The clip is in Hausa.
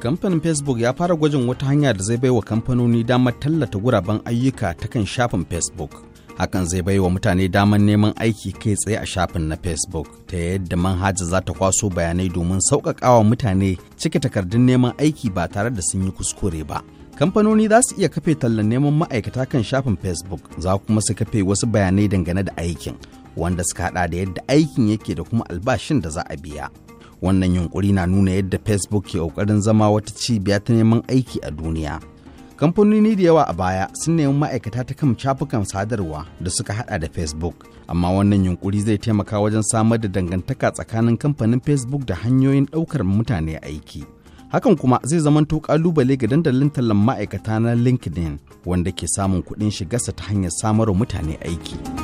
Kamfanin Facebook ya fara gwajin wata hanya da zai baiwa kamfanoni damar tallata guraben ayyuka ta kan shafin Facebook. Hakan zai baiwa mutane damar neman aiki kai tsaye a shafin na Facebook ta yadda manhaja za ta kwaso bayanai domin sauƙaƙawa mutane cike takardun neman aiki ba tare da sun yi kuskure ba. kamfanoni za su iya kafe tallan neman ma'aikata kan shafin facebook za kuma su kafe wasu bayanai dangane da aikin wanda suka hada da yadda aikin yake da kuma albashin da za a biya wannan yunkuri na nuna yadda facebook ke ƙoƙarin zama wata cibiya ta neman aiki a duniya kamfanoni da yawa a baya sun nemi ma'aikata ta kan shafukan sadarwa da suka hada da facebook amma wannan yunkuri zai taimaka wajen samar da dangantaka tsakanin kamfanin facebook da hanyoyin daukar mutane aiki hakan kuma zai zama zamanto kalubale ga dandalin tallan ma'aikata na linkedin wanda ke samun kuɗin shigarsa ta hanyar samarwa mutane aiki.